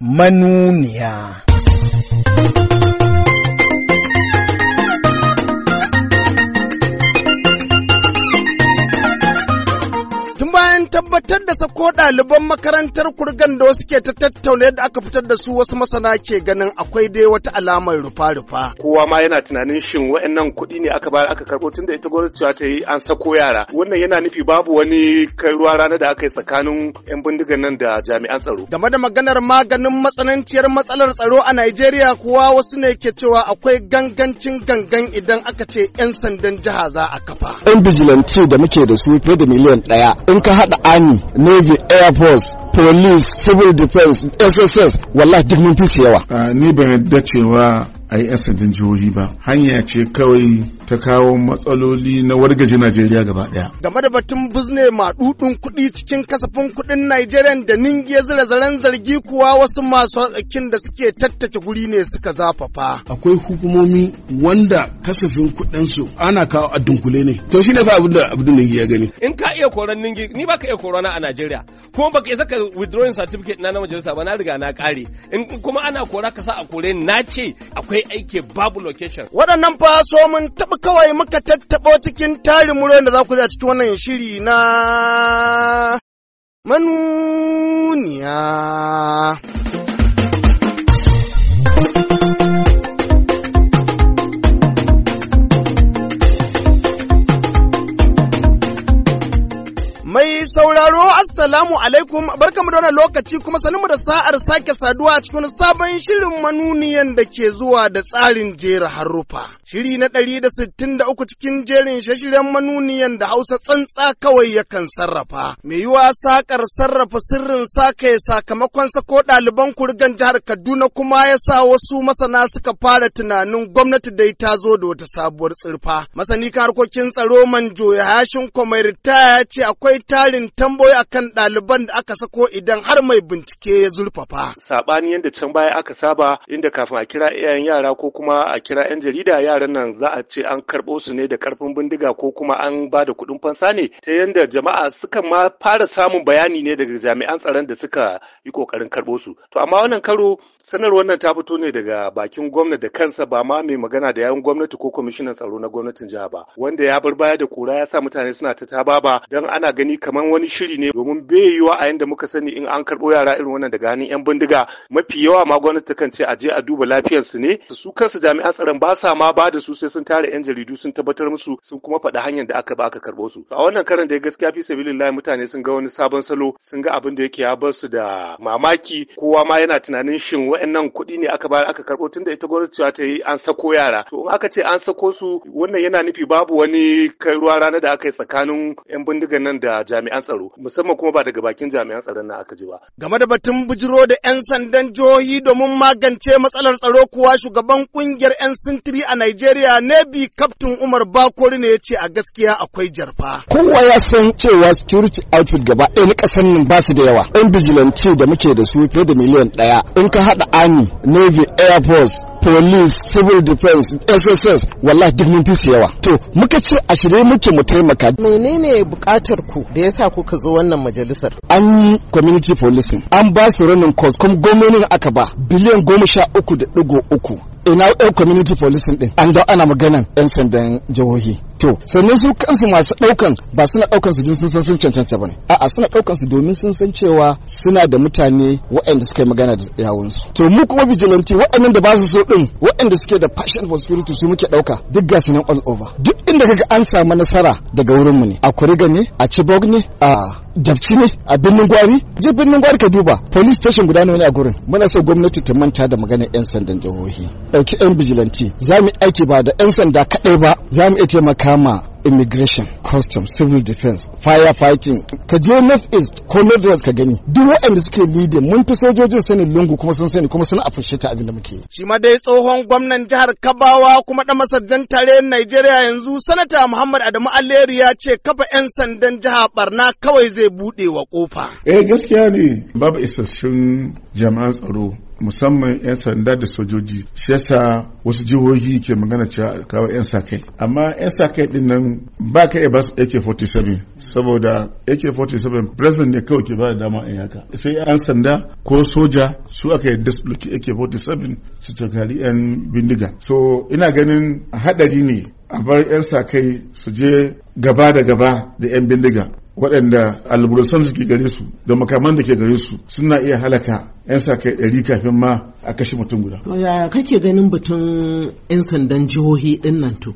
manuniya. tabbatar da sako ɗaliban makarantar kurgan da wasu ke ta tattauna yadda aka fitar da su wasu masana ke ganin akwai dai wata alamar rufa-rufa. Kowa ma yana tunanin shin wa'annan kuɗi ne aka bayar aka karɓo tunda ita gwamnati ta yi an sako yara. Wannan yana nufi babu wani kai ruwa rana da aka yi tsakanin 'yan bindigan nan da jami'an tsaro. Game da maganar maganin matsananciyar matsalar tsaro a Najeriya kuwa wasu ne ke cewa akwai gangancin gangan idan aka ce 'yan sandan jiha za a kafa. 'Yan bijilanci da muke da su fiye da miliyan ɗaya in ka haɗa Navy, Air Force, police civil defense sss wallahi duk mun fi su yawa ah, ni ban yadda cewa a yi sandan jihohi ba hanya ce kawai ta kawo matsaloli na wargaje najeriya gaba daya game da batun bizne dudun kuɗi cikin kasafin kuɗin najeriya da ningiya zira zaren zargi kuwa wasu masu hatsakin da suke tattake guri ne suka zafafa akwai hukumomi wanda kasafin su ana kawo a dunkule ne to ne fa abin da abin ya gani in ka iya koran ningi ni baka iya korona a najeriya kuma baka isa ka magana withdrawing certificate na na majalisa ba na riga na kare in kuma ana kora ka sa a kore na ce akwai aiki babu location waɗannan fa so mun taɓa kawai muka tattaɓo cikin tarin muryoyin da za ku a cikin wannan shiri na manuniya sauraro assalamu alaikum barkamu da wannan lokaci kuma sanin mu da sa'ar sake saduwa cikin sabon shirin manuniyan da ke zuwa da tsarin jera harufa. Shiri na ɗari da sittin da uku cikin jerin shashiren manuniyan da Hausa tsantsa kawai yakan sarrafa. Me yiwa sakar sarrafa sirrin sakaye sakamakon sako ɗaliban kurgan jihar Kaduna kuma ya sa wasu masana suka fara tunanin gwamnati dai ta zo da wata sabuwar tsirfa. Masani kan harkokin tsaro manjo ya hashin ritaya ya ce akwai tarin irin tamboyi akan ɗaliban da aka sako idan har mai bincike ya zurfafa. Saɓani yadda can baya aka saba inda kafin a kira iyayen yara ko kuma a kira 'yan jarida yaran nan za a ce an karɓo su ne da karfin bindiga ko kuma an ba da kuɗin fansa ne ta yadda jama'a suka ma fara samun bayani ne daga jami'an tsaron da suka yi ƙoƙarin karɓo su. To amma wannan karo sanarwar nan ta fito ne daga bakin gwamnati da kansa ba ma mai magana da yawun gwamnati ko kwamishinan tsaro na gwamnatin jiha ba wanda ya bar baya da kura ya sa mutane suna ta tababa don ana gani kamar wani shiri ne domin bai yiwa a yanda muka sani in an karɓo yara irin wannan daga hannun 'yan bindiga mafi yawa ma gwamnati kan ce a je a duba lafiyarsu ne su kansu jami'an tsaron ba sa ma ba da su sai sun tare 'yan jaridu sun tabbatar musu sun kuma faɗa hanyar da aka ba aka karɓo su a wannan karan da gaskiya fi sabilillahi mutane sun ga wani sabon salo sun ga abin da yake ya bar su da mamaki kowa ma yana tunanin shin wa'annan kuɗi ne aka bayar aka karɓo tunda ita gwamnati ta yi an sako yara to in aka ce an sako su wannan yana nufi babu wani kai ruwa rana da aka yi tsakanin 'yan bindigan nan da jami'an jami'an tsaro musamman kuma ba daga bakin jami'an tsaron na aka ji ba. Game da batun bujiro da 'yan sandan jihohi domin magance matsalar tsaro kuwa shugaban kungiyar 'yan sintiri a Najeriya Nebi Kaftin Umar Bakori ne ya ce a gaskiya akwai jarfa. Kowa ya san cewa security outfit gaba ɗaya na ƙasar nan ba su da yawa. 'Yan vigilante da muke da su fiye da miliyan ɗaya. In ka haɗa Army, Navy, Air Force, police civil defense sss wallahi duk mun fi su yawa to muka ce a shirye muke mu taimaka menene bukatar ku da yasa kuka zo wannan majalisar an yi community policing an ba su running cost kuma aka ba biliyan goma sha uku da digo uku ina yan community policing din an ana maganan yan sandan jihohi to sannan su kansu masu daukan ba suna daukan su sun san sun cancanta bane a'a suna daukan su domin sun san cewa suna da mutane waɗanda suka yi magana da yawun su to mu kuma vigilante waɗannan da ba su so din waɗanda suke da passion for security su muke dauka duk ga su nan all over duk inda kaga an samu nasara daga wurin mu ne a kuriga ne a chibok ne a jabci ne a birnin gwari je birnin gwari ka duba police station guda ne a gurin muna so gwamnati ta manta da magana yan sandan jihohi dauki yan bijilanci za mu aiki ba da yan sanda kadai ba za mu iya taimaka ma immigration customs civil defense fighting ka je north east ko north west ka gani duk waɗanda suke leading mun fi sojojin sanin lungu kuma sun sani kuma suna appreciate abin da muke yi shi ma dai tsohon gwamnan jihar Kabawa kuma da masarjan tare Najeriya yanzu sanata Muhammad Adamu aleri ya ce kafa 'yan sandan jiha barna kawai zai buɗe wa kofa eh gaskiya ne babu isassun jama'an tsaro musamman 'yan sanda da sojoji shi yasa wasu jihohi ke magana cewa kawo 'yan sa kai amma 'yan sa kai din nan ba ka iya ba su ak-47 saboda ak-47 president ne kawai ke ba da dama in haka sai 'yan sanda ko soja su aka yadda su ak-47 su tukari 'yan bindiga so ina ganin hadari ne a bar 'yan sa kai su je gaba da gaba da 'yan bindiga waɗanda alburusan suke gare su da makaman da ke gare su suna iya halaka 'yan sa kai ɗari kafin ma a kashe mutum guda. Ya kake ganin batun 'yan sandan jihohi ɗin nan to?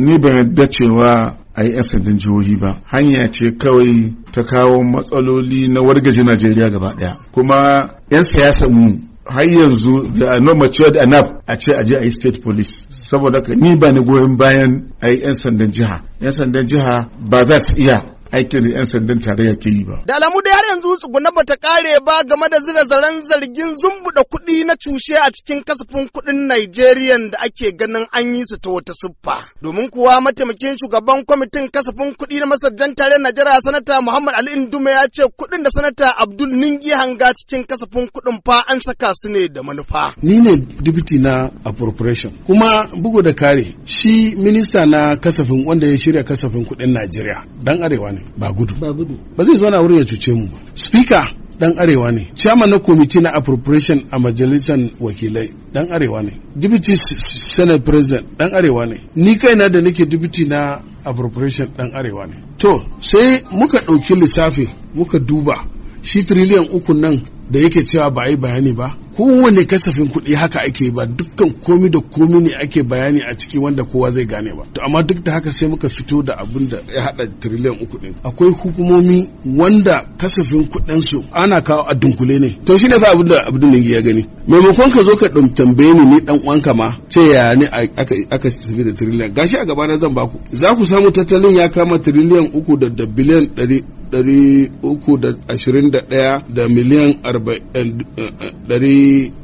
Ni ban yadda cewa a yi 'yan sandan jihohi ba. Hanya ce kawai ta kawo matsaloli na wargaje Najeriya gaba ɗaya. Kuma 'yan siyasar mu har yanzu they are not matured enough a ce aje a yi state police saboda ka ni ba ni goyon bayan a yi 'yan sandan jiha 'yan sandan jiha ba za su iya aikin da 'yan sandan tarayya ke yi ba. Da alamu da har yanzu tsuguna bata kare ba game da zira zaren zargin zumbuɗa kuɗi na cushe a cikin kasafin kuɗin Nigerian da ake ganin an yi su ta wata siffa. Domin kuwa mataimakin shugaban kwamitin kasafin kuɗi na masarjan tarayyar Najeriya sanata Muhammad Ali Indume ya ce kuɗin da sanata Abdul Ningi hanga cikin kasafin kuɗin fa an saka su ne da manufa. Ni ne dibiti na appropriation kuma bugu da kare shi minista na kasafin wanda ya shirya kasafin kuɗin Najeriya dan arewa ne. ne ba gudu ba gudu ba zai zo na wurin ya cuce mu speaker dan arewa ne chairman na committee na appropriation a majalisar wakilai dan arewa ne deputy senate president dan arewa ne ni kaina da nake deputy na appropriation dan arewa ne to sai muka ɗauki lissafi muka duba shi triliyan uku nan da yake cewa ba a yi bayani ba kowane kasafin kuɗi haka ake ba dukkan komi da komi ne ake bayani a ciki wanda kowa zai gane ba to amma duk da haka sai muka fito da abin da ya hada triliyan uku ɗin akwai hukumomi wanda kasafin kuɗin su ana kawo a dunkule ne to shine fa abin da abdul ya gani maimakon ka zo ka tambaye ni ni dan uwanka ma ce ya ne aka aka tafi da triliyan gashi a gaba na zan baku za ku samu tattalin ya kama triliyan uku da biliyan ɗari 321 da miliyan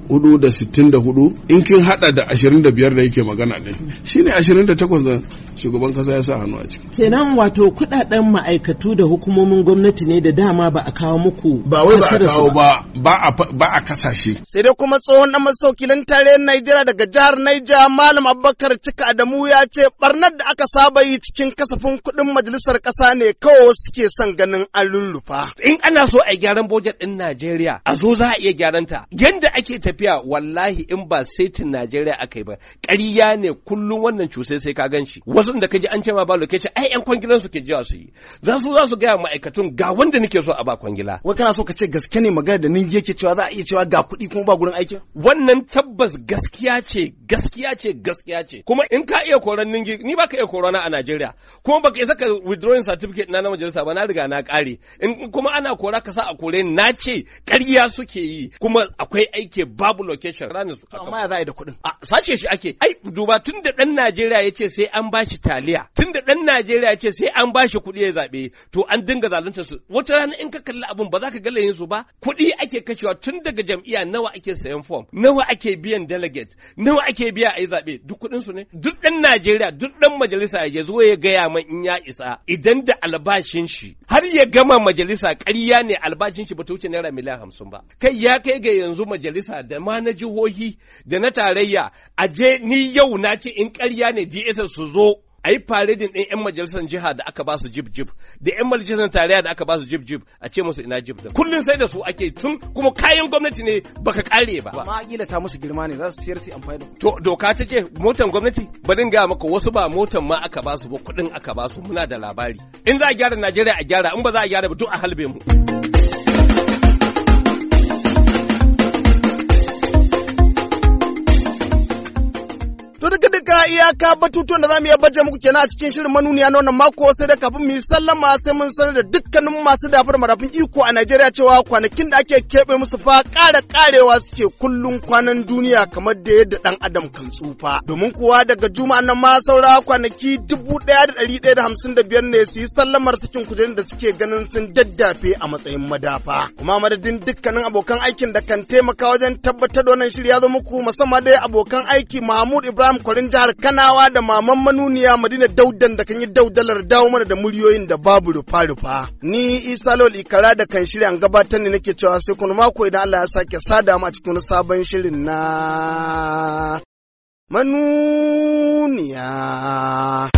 hudu da sittin da hudu in kin hada da ashirin da biyar da yake magana ne shine ashirin da takwas da shugaban kasa ya sa hannu a ciki kenan wato kudaden ma'aikatu da hukumomin gwamnati ne da dama ba a kawo muku ba wai ba a kawo ba ba a kasashe sai dai kuma tsohon dan masaukilin tarayyar Najeriya daga jihar Niger Malam Abubakar Cika Adamu ya ce barnar da aka saba yi cikin kasafin kuɗin majalisar ƙasa ne kawai suke son ganin an lullufa in ana so a gyaran bojet din Najeriya a zo za a iya gyaran ta yanda ake ta. tafiya wallahi in ba setin Najeriya aka yi ba ƙarya ne kullum wannan cusai sai ka gan shi wasu da ka ji an ce ma ba lokaci ai yan kwangilan su ke jiwa su yi za su za su gaya ma'aikatun ga wanda nake so a ba kwangila wai kana so ka ce gaske ne magana da ningi yake cewa za a iya cewa ga kuɗi kuma ba gurin aiki. wannan tabbas gaskiya ce gaskiya ce gaskiya ce kuma in ka iya koran ningi ni ba ka iya korona a Najeriya kuma ka isa ka withdrawing certificate na na majalisa ba na riga na ƙare in kuma ana kora ka sa a kore na ce ƙarya suke yi kuma akwai aiki ba babu location ranar su amma ya za a da kuɗin a sace shi ake ai duba tun da ɗan Najeriya ya ce sai an bashi taliya tun da ɗan Najeriya ya ce sai an bashi kuɗi ya zaɓe to an dinga zalunta su wata rana in ka kalli abun ba za ka yin su ba kuɗi ake kashewa tun daga jam'iyya nawa ake sayan form nawa ake biyan delegate nawa ake biya a yi zaɓe duk kuɗin su ne duk ɗan Najeriya duk ɗan majalisa ya zo ya gaya man in ya isa idan da albashin shi har ya gama majalisa ƙarya ne albashin shi ba ta wuce naira miliyan hamsin ba kai ya kai ga yanzu majalisa da da ma na jihohi da na tarayya a je ni yau na ce in ƙarya ne DSS su zo a yi faredin ɗin 'yan majalisar jiha da aka ba su jib jib da 'yan majalisar tarayya da aka ba su jib jib a ce musu ina jib kullum sai da su ake tun kuma kayan gwamnati ne baka kare ba amma gila ta musu girma ne za su siyar su amfani da to doka ta ce motan gwamnati bari ga maka wasu ba motan ma aka ba su ba kuɗin aka ba su muna da labari in za a gyara Najeriya a gyara in ba za a gyara ba duk a halbe mu haka iyaka batutuwan da za mu iya baje muku kenan a cikin shirin manuniya na wannan mako sai da kafin mu yi sallama sai mun sanar da dukkanin masu dafar marafin iko a Najeriya cewa kwanakin da ake kebe musu fa ƙara ƙarewa suke kullun kwanan duniya kamar da yadda ɗan adam kan tsufa. Domin kuwa daga juma'a nan ma saura kwanaki dubu ɗaya da ɗari ɗaya da hamsin da biyar ne su yi sallamar sakin kujerun da suke ganin sun daddafe a matsayin madafa. Kuma madadin dukkanin abokan aikin da kan taimaka wajen tabbatar da wannan shirya zo muku musamman dai abokan aiki Mahmud Ibrahim Kwarin jihar Kanawa da maman manuniya Madina Daudan da kan yi daudalar dawo mana da muryoyin da babu rufa-rufa. Ni Isa Lol Ikara da kan shirya an gabatar ne nake cewa sai kun mako idan Allah ya sake sada ma cikin sabon shirin na manuniya.